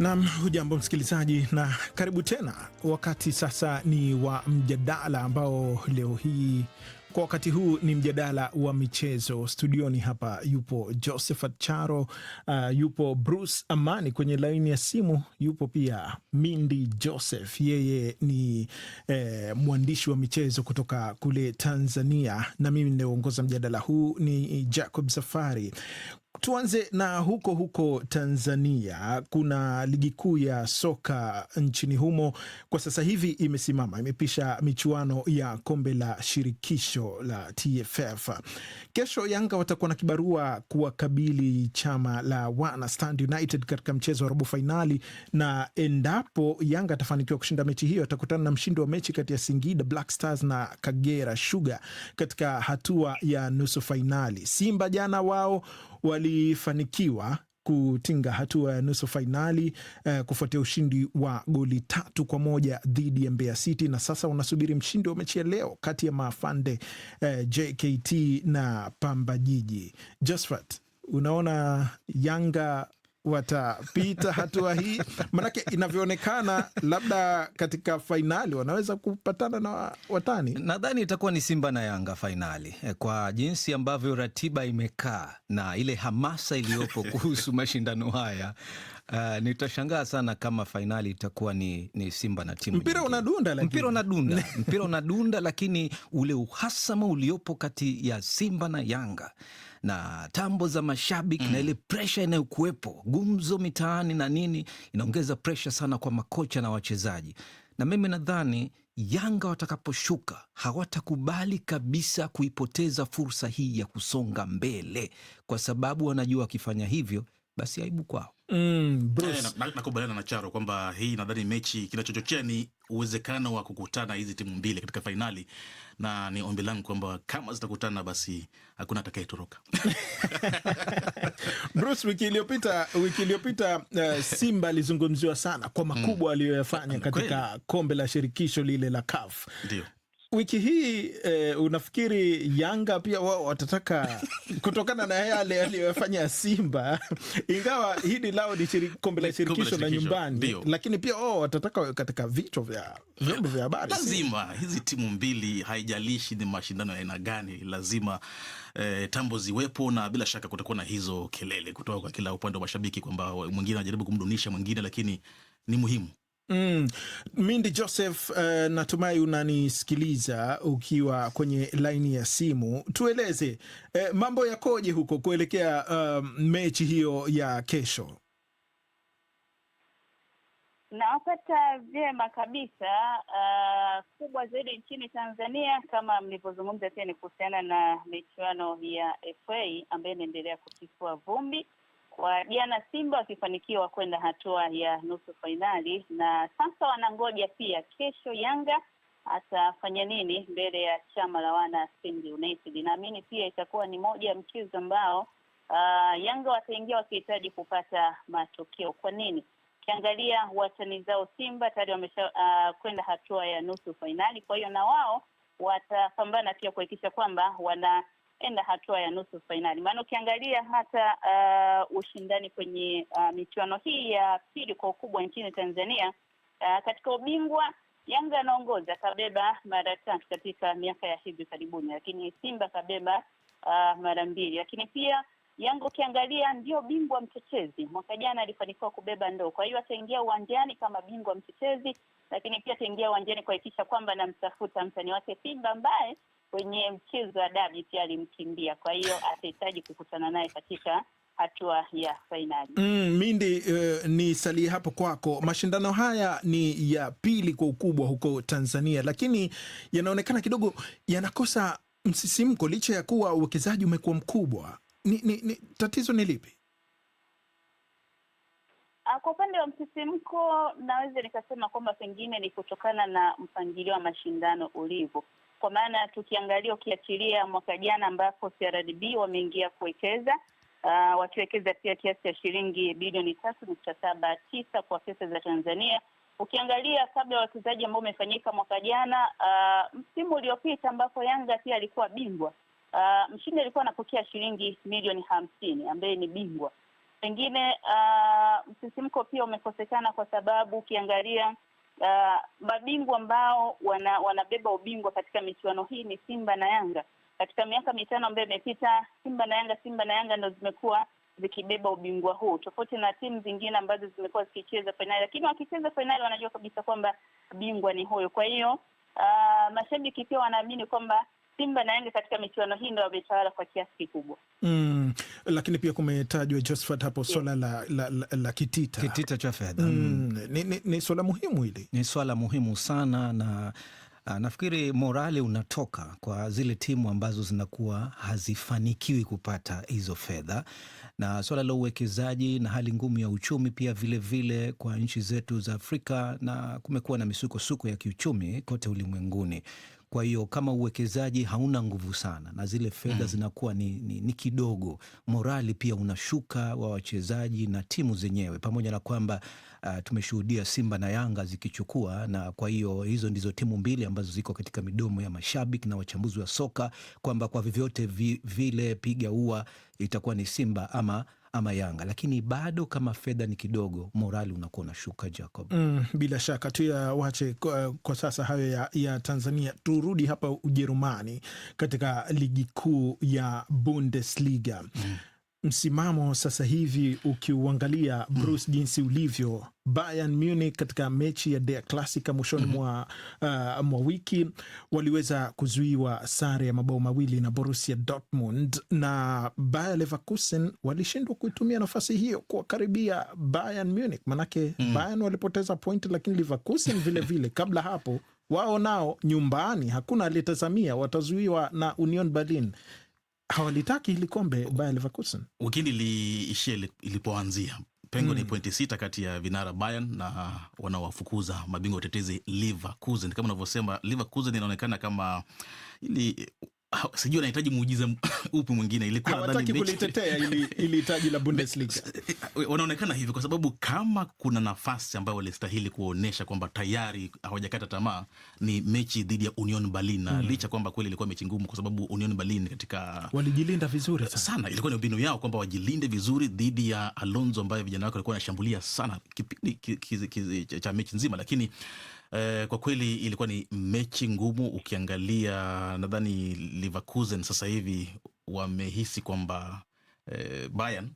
Nam, hujambo msikilizaji na karibu tena. Wakati sasa ni wa mjadala ambao leo hii kwa wakati huu ni mjadala wa michezo. Studioni hapa yupo Josephat Charo, uh, yupo Bruce Amani kwenye laini ya simu, yupo pia Mindi Joseph, yeye ni eh, mwandishi wa michezo kutoka kule Tanzania, na mimi ninayeongoza mjadala huu ni Jacob Safari. Tuanze na huko huko Tanzania. Kuna ligi kuu ya soka nchini humo kwa sasa hivi imesimama, imepisha michuano ya kombe la shirikisho la TFF. Kesho Yanga watakuwa na kibarua kuwakabili chama la wana Stand United katika mchezo wa robo fainali, na endapo Yanga atafanikiwa kushinda mechi hiyo atakutana na mshindi wa mechi kati ya Singida Black Stars na Kagera Sugar katika hatua ya nusu fainali. Simba jana wao walifanikiwa kutinga hatua ya nusu fainali eh, kufuatia ushindi wa goli tatu kwa moja dhidi ya Mbeya City, na sasa wanasubiri mshindi wa mechi ya leo kati ya Maafande eh, JKT na Pamba Jiji. Josfat, unaona Yanga watapita hatua hii? Manake inavyoonekana labda katika fainali wanaweza kupatana na watani. Nadhani itakuwa ni Simba na Yanga fainali eh, kwa jinsi ambavyo ratiba imekaa na ile hamasa iliyopo kuhusu mashindano haya. Uh, nitashangaa sana kama fainali itakuwa ni, ni Simba na timu mpira unadunda, lakini mpira unadunda, mpira unadunda, lakini ule uhasama uliopo kati ya Simba na Yanga na tambo za mashabiki mm, na ile presha inayokuwepo gumzo mitaani na nini inaongeza presha sana kwa makocha na wachezaji, na mimi nadhani Yanga watakaposhuka hawatakubali kabisa kuipoteza fursa hii ya kusonga mbele, kwa sababu wanajua wakifanya hivyo basi aibu kwao. Mm, nakubaliana na, Charo kwamba hii nadhani mechi kinachochochea ni uwezekano wa kukutana hizi timu mbili katika fainali, na ni ombi langu kwamba kama zitakutana basi hakuna atakayetoroka. Bruce, wiki iliyopita wiki iliyopita uh, Simba alizungumziwa sana kwa makubwa mm. aliyoyafanya katika kombe la shirikisho lile la CAF. Ndio wiki hii eh, unafikiri Yanga pia wao watataka kutokana na yale aliyofanya Simba ingawa hili lao ni kombe la shirikisho la nyumbani Dio. Lakini pia wao watataka katika vichwa vya vyombo vya habari. Lazima hizi timu mbili, haijalishi ni mashindano ya aina gani, lazima eh, tambo ziwepo, na bila shaka kutakuwa na hizo kelele kutoka kwa kila upande wa mashabiki kwamba mwingine anajaribu kumdunisha mwingine, lakini ni muhimu Mm. Mindi Joseph, uh, natumai unanisikiliza ukiwa kwenye laini ya simu. Tueleze uh, mambo yakoje huko kuelekea um, mechi hiyo ya kesho? Nawapata vyema kabisa. Uh, kubwa zaidi nchini Tanzania kama mlivyozungumza pia ni kuhusiana na michuano ya FA ambayo inaendelea kutifua vumbi kwa jana Simba wakifanikiwa kwenda hatua ya nusu fainali, na sasa wanangoja pia kesho Yanga atafanya nini mbele ya chama la wana Singida United. Naamini pia itakuwa ni moja ya mchezo ambao uh, Yanga wataingia wakihitaji kupata matokeo. Kwa nini? Ukiangalia watani zao Simba tayari wamesha uh, kwenda hatua ya nusu fainali, kwa hiyo na wao watapambana pia kuhakikisha kwamba wana enda hatua ya nusu fainali. Maana ukiangalia hata uh, ushindani kwenye uh, michuano hii ya pili kwa ukubwa nchini Tanzania uh, katika ubingwa Yanga anaongoza kabeba mara tatu katika miaka ya hivi karibuni, lakini Simba kabeba uh, mara mbili, lakini pia Yanga ukiangalia ndio bingwa mtetezi, mwaka jana alifanikiwa kubeba ndoo. Kwa hiyo ataingia uwanjani kama bingwa mtetezi, lakini pia ataingia uwanjani kuhakikisha kwamba anamtafuta mtani wake Simba ambaye kwenye mchezo wa dabi pia alimkimbia, kwa hiyo atahitaji kukutana naye katika hatua ya fainali. Mm, Mindi, uh, ni salie hapo kwako. Mashindano haya ni ya pili kwa ukubwa huko Tanzania, lakini yanaonekana kidogo yanakosa msisimko licha ya kuwa uwekezaji umekuwa mkubwa. Ni, ni, ni tatizo ni lipi? Ah, kwa upande wa msisimko, naweza nikasema kwamba pengine ni kutokana na mpangilio wa mashindano ulivyo kwa maana tukiangalia, ukiachilia mwaka jana ambapo CRDB wameingia kuwekeza uh, wakiwekeza pia kiasi cha shilingi bilioni tatu nukta saba tisa kwa pesa za Tanzania. Ukiangalia kabla ya wawekezaji ambao umefanyika mwaka jana uh, msimu uliopita ambapo Yanga pia alikuwa bingwa uh, mshindi alikuwa anapokea shilingi milioni hamsini ambaye ni bingwa. Pengine uh, msisimko pia umekosekana kwa sababu ukiangalia uh, ah, mabingwa ambao wana, wanabeba ubingwa katika michuano hii ni Simba na Yanga. Katika miaka mitano ambayo imepita, Simba na Yanga, Simba na Yanga ndo zimekuwa zikibeba ubingwa huu, tofauti na timu zingine ambazo zimekuwa zikicheza fainali, lakini wakicheza fainali wanajua kabisa kwamba bingwa ni huyo. Kwa hiyo uh, mashabiki pia wanaamini kwamba Simba na Yanga katika michuano hii ndo wametawala kwa kiasi kikubwa mm. Lakini pia kumetajwa Josephat hapo swala la, la, la, la kitita kitita cha fedha mm, mm. Ni, ni, ni swala muhimu hili, ni swala muhimu sana na ah, nafikiri morali unatoka kwa zile timu ambazo zinakuwa hazifanikiwi kupata hizo fedha, na suala la uwekezaji na hali ngumu ya uchumi pia vilevile vile kwa nchi zetu za Afrika, na kumekuwa na misukosuko ya kiuchumi kote ulimwenguni. Kwa hiyo kama uwekezaji hauna nguvu sana na zile fedha mm. zinakuwa ni, ni, ni kidogo, morali pia unashuka wa wachezaji na timu zenyewe, pamoja na kwamba uh, tumeshuhudia Simba na Yanga zikichukua, na kwa hiyo hizo ndizo timu mbili ambazo ziko katika midomo ya mashabiki na wachambuzi wa soka kwamba kwa vyovyote vi, vile piga ua itakuwa ni Simba ama ama Yanga, lakini bado kama fedha ni kidogo, morali unakuwa unashuka Jacob. Mm, bila shaka tu ya wache kwa, uh, kwa sasa hayo ya, ya Tanzania. Turudi hapa Ujerumani katika ligi kuu ya Bundesliga mm msimamo sasa hivi ukiuangalia Bruce, mm. jinsi ulivyo Bayern Munich katika mechi ya Der Klassiker mwishoni mm -hmm. mwa, uh, mwa wiki waliweza kuzuiwa sare ya mabao mawili na Borussia Dortmund, na Bayer Leverkusen walishindwa kuitumia nafasi hiyo kuwakaribia Bayern Munich manake mm Bayern walipoteza point lakini Leverkusen vilevile kabla hapo wao nao nyumbani, hakuna aliyetazamia watazuiwa na Union Berlin hawalitaki hili kombe Bayer Leverkusen. Wikendi liishia ilipoanzia pengo mm. ni hmm. pointi sita kati ya vinara Bayern na wanawafukuza mabingwa watetezi Leverkusen. Kama unavyosema, Leverkusen inaonekana kama ili Ah, sijui anahitaji muujiza upi mwingine. Ilikuwa ah, hawataki kulitetea ili, ili taji la Bundesliga eh, wanaonekana hivyo, kwa sababu kama kuna nafasi ambayo walistahili kuonyesha kwamba tayari hawajakata tamaa ni mechi dhidi ya Union Berlin na mm. licha kwamba kweli ilikuwa mechi ngumu, kwa sababu Union Berlin katika walijilinda vizuri sana, sana. Ilikuwa ni mbinu yao kwamba wajilinde vizuri dhidi ya Alonso ambaye vijana wake walikuwa wanashambulia sana kipindi cha mechi nzima, lakini Eh, kwa kweli ilikuwa ni mechi ngumu. Ukiangalia nadhani Leverkusen sasa hivi wamehisi kwamba eh, Bayern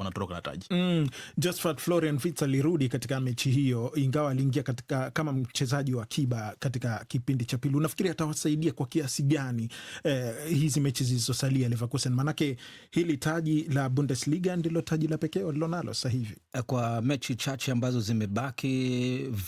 wanatoroka na taji. Mm, Josfat Florian Fitz alirudi katika mechi hiyo, ingawa aliingia katika kama mchezaji wa akiba katika kipindi cha pili. Unafikiri atawasaidia kwa kiasi gani eh, hizi mechi zilizosalia Leverkusen? Maanake hili taji la Bundesliga ndilo taji la pekee walilonalo sasa hivi. Eh, kwa mechi chache ambazo zimebaki,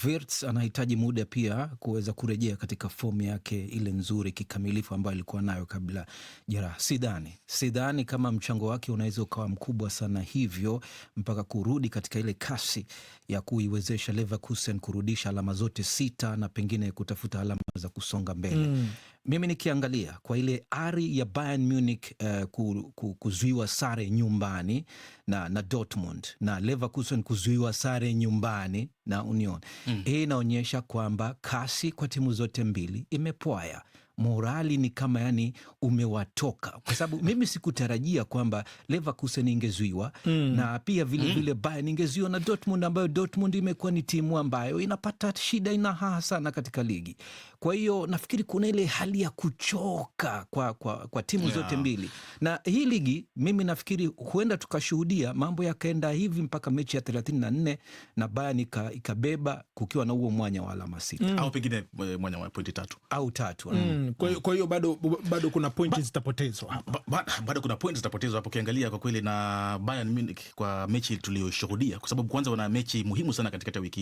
Virts anahitaji muda pia kuweza kurejea katika fomu yake ile nzuri kikamilifu ambayo alikuwa nayo kabla jeraha. Sidhani sidhani kama mchango wake unaweza ukawa mkubwa sana hii hivyo mpaka kurudi katika ile kasi ya kuiwezesha Leverkusen kurudisha alama zote sita na pengine kutafuta alama za kusonga mbele mm. Mimi nikiangalia kwa ile ari ya Bayern Munich uh, ku, ku, kuzuiwa sare nyumbani na, na Dortmund na Leverkusen kuzuiwa sare nyumbani na Union mm. Hii inaonyesha kwamba kasi kwa timu zote mbili imepwaya morali ni kama yani umewatoka, kwa sababu mimi sikutarajia kwamba Leverkusen ingezuiwa mm. na pia vilevile mm. Bayern ingezuiwa na Dortmund, ambayo Dortmund imekuwa ni timu ambayo inapata shida, ina haha sana katika ligi. Kwa hiyo nafikiri kuna ile hali ya kuchoka kwa, kwa, kwa timu yeah, zote mbili na hii ligi, mimi nafikiri huenda tukashuhudia mambo yakaenda hivi mpaka mechi ya 34 na na Bayern ikabeba kukiwa na huo mwanya wa alama sita mm, au pengine eh, mwanya wa pointi tatu au tatu mm. mm. Kwa hiyo bado, bado kuna pointi ba, zitapotezwa ba, ba, bado kuna pointi zitapotezwa hapo ukiangalia kwa kweli na Bayern Munich kwa mechi tuliyoshuhudia, kwa sababu kwanza wana mechi muhimu sana katikati ya wiki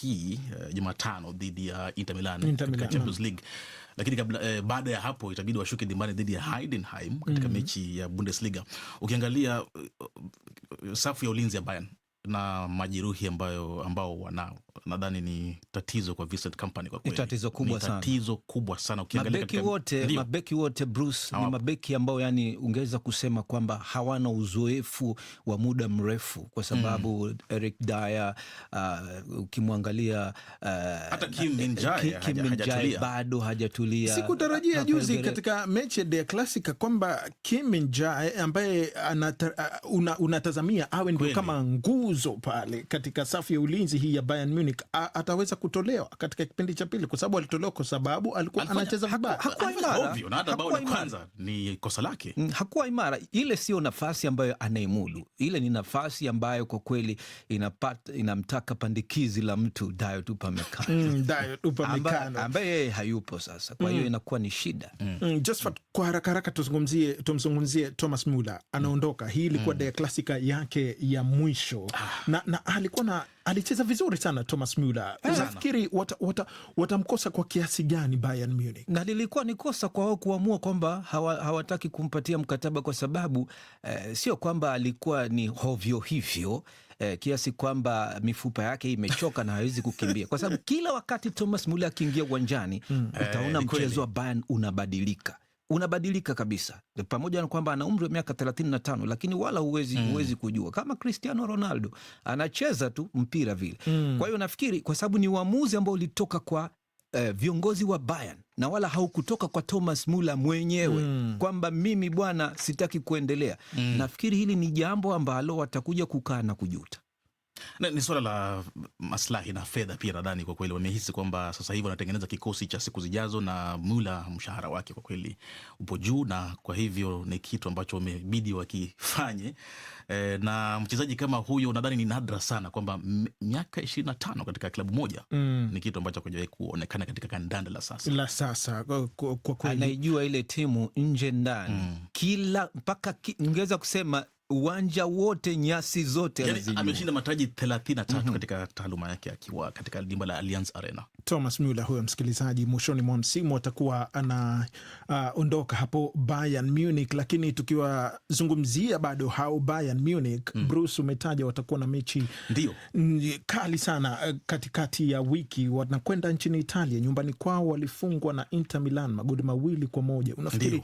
hii uh, Jumatano dhidi ya Inter Milan katika Champions League lakini kabla eh, baada ya hapo itabidi washuke dimbani dhidi ya Heidenheim katika mm mechi ya Bundesliga. Ukiangalia uh, safu ya ulinzi ya Bayern na majeruhi ambayo ambao wanao nadhani ni tatizo kwa Vincent Company kwa kweli. Ni tatizo kubwa ni tatizo sana, kubwa sana. Ukiangalia mabeki wote, mabeki wote Bruce, ni mabeki ambao yani ungeweza kusema kwamba hawana uzoefu wa muda mrefu kwa sababu mm. Eric Dyer uh, ukimwangalia uh, hata Kim Min-jae Kim Min-jae bado hajatulia. Sikutarajia juzi katika mechi ya De Clasica kwamba Kim Min-jae ambaye uh, unatazamia awe ndio kama nguu tuzo pale katika safu ya ulinzi hii ya Bayern Munich ataweza kutolewa katika kipindi cha pili, kwa sababu alitolewa kwa sababu alikuwa anacheza vibaya, hakuwa imara. Obvio, na hata bao la kwanza ni kosa lake, mm, hakuwa imara. Ile sio nafasi ambayo anaimudu, ile ni nafasi ambayo kwa kweli inapata inamtaka pandikizi la mtu Dayo Upamecano, mm, Dayo Upamecano ambaye yeye hayupo sasa, kwa hiyo mm. inakuwa ni shida mm. mm. Josephat, kwa haraka haraka tuzungumzie tumzungumzie Thomas Muller anaondoka. Hii ilikuwa mm. dea klasika yake ya mwisho na, na alikuwa na alicheza vizuri sana Thomas Muller. Eh. Nafikiri watamkosa wata, wata kwa kiasi gani Bayern Munich, na lilikuwa ni kosa kwa wao kuamua kwamba hawataki kumpatia mkataba kwa sababu eh, sio kwamba alikuwa ni hovyo hivyo eh, kiasi kwamba mifupa yake imechoka na hawezi kukimbia, kwa sababu kila wakati Thomas Muller akiingia uwanjani mm, utaona eh, mchezo wa Bayern unabadilika unabadilika kabisa, pamoja na kwamba ana umri wa miaka 35 lakini wala huwezi mm. huwezi kujua kama Cristiano Ronaldo anacheza tu mpira vile mm. Kwa hiyo nafikiri kwa sababu ni uamuzi ambao ulitoka kwa eh, viongozi wa Bayern na wala haukutoka kwa Thomas Muller mwenyewe mm. kwamba mimi bwana sitaki kuendelea mm. Nafikiri hili ni jambo ambalo watakuja kukaa na kujuta. Ni swala la maslahi na fedha pia, nadhani kwa kweli wamehisi kwamba sasa hivi wanatengeneza kikosi cha siku zijazo, na Mula mshahara wake kwa kweli upo juu, na kwa hivyo ni kitu ambacho wamebidi wakifanye. E, na mchezaji kama huyo nadhani ni nadra sana kwamba miaka ishirini na tano katika klabu moja mm. ni kitu ambacho hakijawahi kuonekana katika kandanda la sasa la sasa. Kwa kweli anaijua ile timu nje ndani mm. kila mpaka ki, ningeweza kusema uwanja wote, nyasi zote, yani ameshinda mataji 33 mm -hmm. katika taaluma yake akiwa katika dimba la Allianz Arena. Thomas Muller huyo, msikilizaji, mwishoni mwa msimu atakuwa anaondoka uh, hapo Bayern Munich, lakini tukiwazungumzia bado hao Bayern Munich mm. Bruce, umetaja watakuwa na mechi ndio kali sana uh, katikati ya wiki, wanakwenda nchini Italia, nyumbani kwao walifungwa na Inter Milan magoli mawili kwa moja unafikiri Ndiyo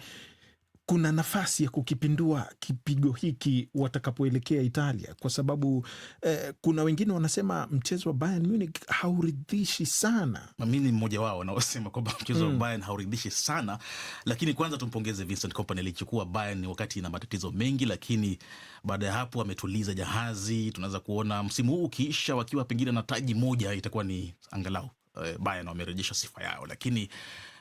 kuna nafasi ya kukipindua kipigo hiki watakapoelekea Italia, kwa sababu eh, kuna wengine wanasema mchezo wa Bayern Munich hauridhishi sana. Mi ni mmoja wao wanaosema kwamba mchezo wa mm. Bayern hauridhishi sana, lakini kwanza tumpongeze Vincent Kompany. Alichukua Bayern wakati ina matatizo mengi, lakini baada ya hapo ametuliza jahazi. Tunaweza kuona msimu huu ukiisha wakiwa pengine na taji moja, itakuwa ni angalau eh, Bayern wamerejesha sifa yao, lakini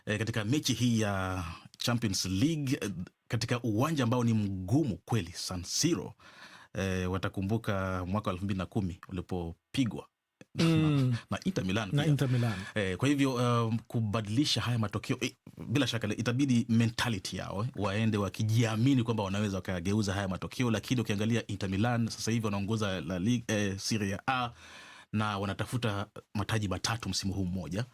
eh, katika mechi hii ya Champions League katika uwanja ambao ni mgumu kweli, San Siro. E, watakumbuka mwaka wa elfu mbili na kumi ulipopigwa mm. na Inter Milan, na Inter Milan. Eh, kwa hivyo um, kubadilisha haya matokeo eh, bila shaka itabidi mentality yao eh, waende wakijiamini kwamba wanaweza wakageuza haya matokeo, lakini ukiangalia Inter Milan sasa hivi wanaongoza la liga Serie A na wanatafuta mataji matatu msimu huu mmoja,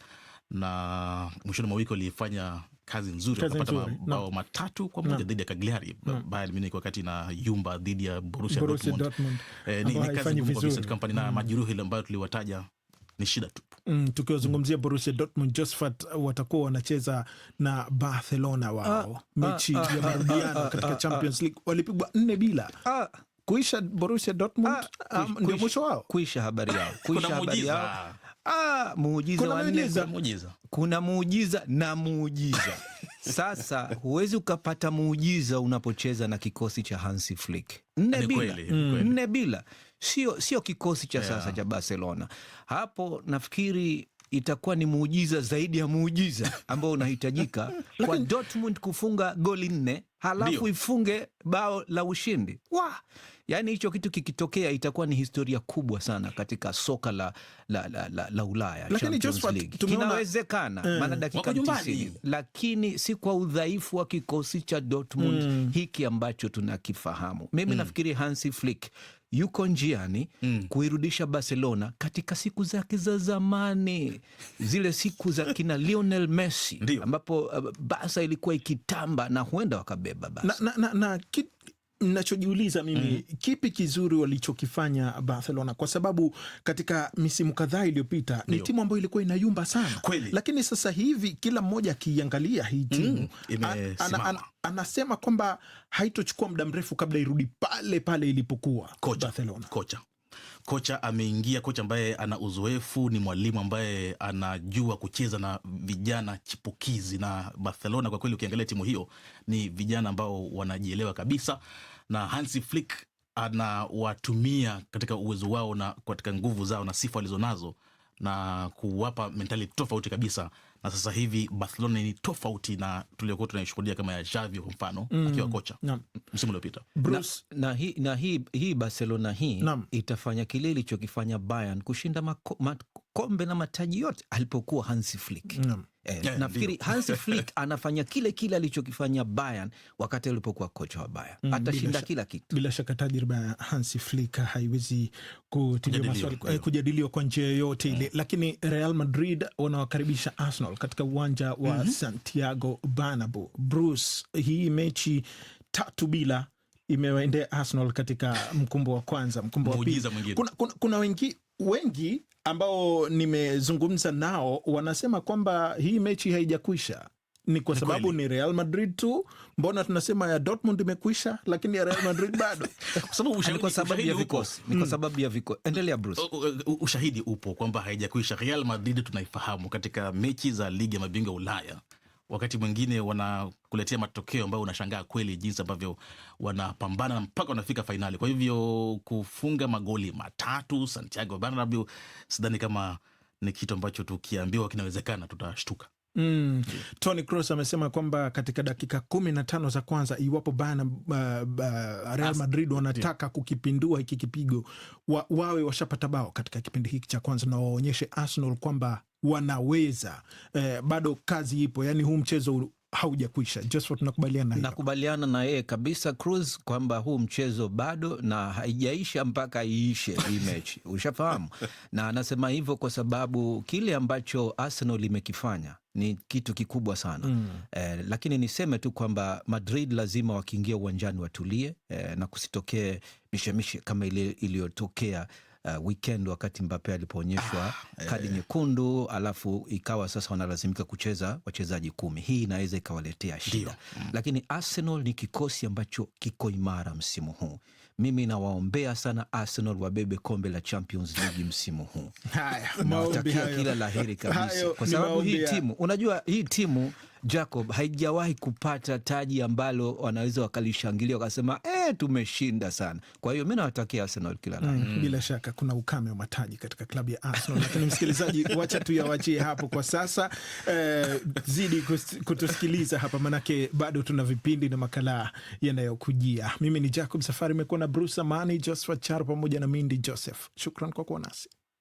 na mwishoni mwa wiki walifanya kazi nzuri wakapata mabao no. matatu kwa moja dhidi no. ya Cagliari no. Bayern Munich wakati na yumba dhidi ya Borussia Dortmund, Dortmund. Eh, ni, ni kazi ngumu kwa Vincent na mm. majeruhi ambayo tuliwataja ni shida tu mm, tukiwazungumzia mm. Borussia Dortmund Josephat uh, watakuwa wanacheza na Barcelona wao ah, ah mechi ah, ya ah, ah, marudiano ah, katika ah, Champions League walipigwa nne bila ah, kuisha Borussia Dortmund ndio mwisho wao kuisha habari yao kuisha habari yao Ah, muujiza wa nne kuna muujiza na muujiza Sasa huwezi ukapata muujiza unapocheza na kikosi cha Hansi Flick nne bila, mm. nne bila, sio sio kikosi cha yeah, sasa cha Barcelona. Hapo nafikiri itakuwa ni muujiza zaidi ya muujiza ambao unahitajika kwa Dortmund kufunga goli nne halafu Dio. ifunge bao la ushindi wa Yaani hicho kitu kikitokea itakuwa ni historia kubwa sana katika soka la, la, la, la, la Ulaya Champions League. Kinawezekana mm, maana dakika 90 lakini si kwa udhaifu wa kikosi cha Dortmund mm, hiki ambacho tunakifahamu mimi mm, nafikiri Hansi Flick yuko njiani mm. kuirudisha Barcelona katika siku zake za zamani, zile siku za kina Lionel Messi ambapo uh, Barca ilikuwa ikitamba na huenda wakabeba Barca na, na, na, na, Nachojiuliza mimi mm Kipi kizuri walichokifanya Barcelona? Kwa sababu katika misimu kadhaa iliyopita ni timu ambayo ilikuwa inayumba sana kweli, lakini sasa hivi kila mmoja akiiangalia hii mm, timu mm, an, an, an, anasema kwamba haitochukua muda mrefu kabla irudi pale pale ilipokuwa. Kocha, Barcelona kocha kocha ameingia, kocha ambaye ana uzoefu, ni mwalimu ambaye anajua kucheza na vijana chipukizi, na Barcelona kwa kweli, ukiangalia timu hiyo ni vijana ambao wanajielewa kabisa na Hansi Flick anawatumia katika uwezo wao na katika nguvu zao na sifa walizonazo na kuwapa mentality tofauti kabisa, na sasa hivi Barcelona ni tofauti na tuliokuwa tunaishuhudia kama ya Xavi kwa mfano mm, akiwa kocha msimu uliopita na, na hii hi, hii Barcelona hii na itafanya kile ilichokifanya Bayern kushinda mako, mat, kombe na mataji yote alipokuwa Hansi Flick mm. Eh, yeah, nafikiri Hans Flick anafanya kile kile alichokifanya Bayern wakati alipokuwa kocha wa Bayern mm, atashinda kila kitu. Bila shaka tajriba ya Hans Flick haiwezi eh, kujadiliwa kwa njia yoyote ile mm. Lakini Real Madrid wanawakaribisha Arsenal katika uwanja wa mm -hmm. Santiago Bernabeu. Bruce, hii mechi tatu bila imewaendea Arsenal katika mkumbo wa kwanza, mkumbo wa pili. Kuna, kuna, kuna wengi wengi ambao nimezungumza nao wanasema kwamba hii mechi haijakwisha. Ni kwa sababu ni Real Madrid tu. Mbona tunasema ya Dortmund imekwisha, lakini ya Real Madrid bado? Kwa sababu ushahidi, kwa sababu ya vikosi ni kwa sababu ya vikosi. Mm. Endelea Bruce. Ushahidi upo kwamba haijakwisha. Real Madrid tunaifahamu katika mechi za ligi ya mabingwa Ulaya wakati mwingine wanakuletea matokeo ambayo unashangaa kweli jinsi ambavyo wanapambana mpaka wanafika fainali. Kwa hivyo kufunga magoli matatu Santiago Bernabeu, sidhani kama ni kitu ambacho tukiambiwa kinawezekana tutashtuka. Mm. Tony Kroos amesema kwamba katika dakika kumi na tano za kwanza iwapo bana, uh, uh, Real Madrid wanataka kukipindua hiki kipigo wa, wawe washapata bao katika kipindi hiki cha kwanza na waonyeshe Arsenal kwamba wanaweza e, bado kazi ipo, yani huu mchezo haujakwisha. Tunakubaliana nakubaliana na yeye kabisa Cruz kwamba huu mchezo bado na haijaisha mpaka iishe hii mechi ushafahamu. Na anasema hivyo kwa sababu kile ambacho Arsenal imekifanya ni kitu kikubwa sana mm. Eh, lakini niseme tu kwamba Madrid lazima wakiingia uwanjani watulie, eh, na kusitokee mishemishe kama iliyotokea uh, weekend wakati Mbappe alipoonyeshwa ah, eh. kadi nyekundu alafu ikawa sasa wanalazimika kucheza wachezaji kumi. Hii inaweza ikawaletea shida mm. Lakini Arsenal ni kikosi ambacho kiko imara msimu huu. Mimi nawaombea sana Arsenal wabebe kombe la Champions League msimu huu nawatakia kila laheri kabisa, kwa sababu hii timu unajua, hii timu Jacob haijawahi kupata taji ambalo wanaweza wakalishangilia wakasema e, tumeshinda sana. Kwa hiyo mi nawatakia Arsenal kila la mm. Bila mm. shaka kuna ukame wa mataji katika klabu ya Arsenal, lakini msikilizaji, wacha tuyawachie hapo kwa sasa. Eh, zidi kutusikiliza hapa, manake bado tuna vipindi na makala yanayokujia. Mimi ni Jacob Safari, imekuwa na Bruce Amani, Joshua Charo pamoja na Mindi Joseph. Shukran kwa kuwa nasi.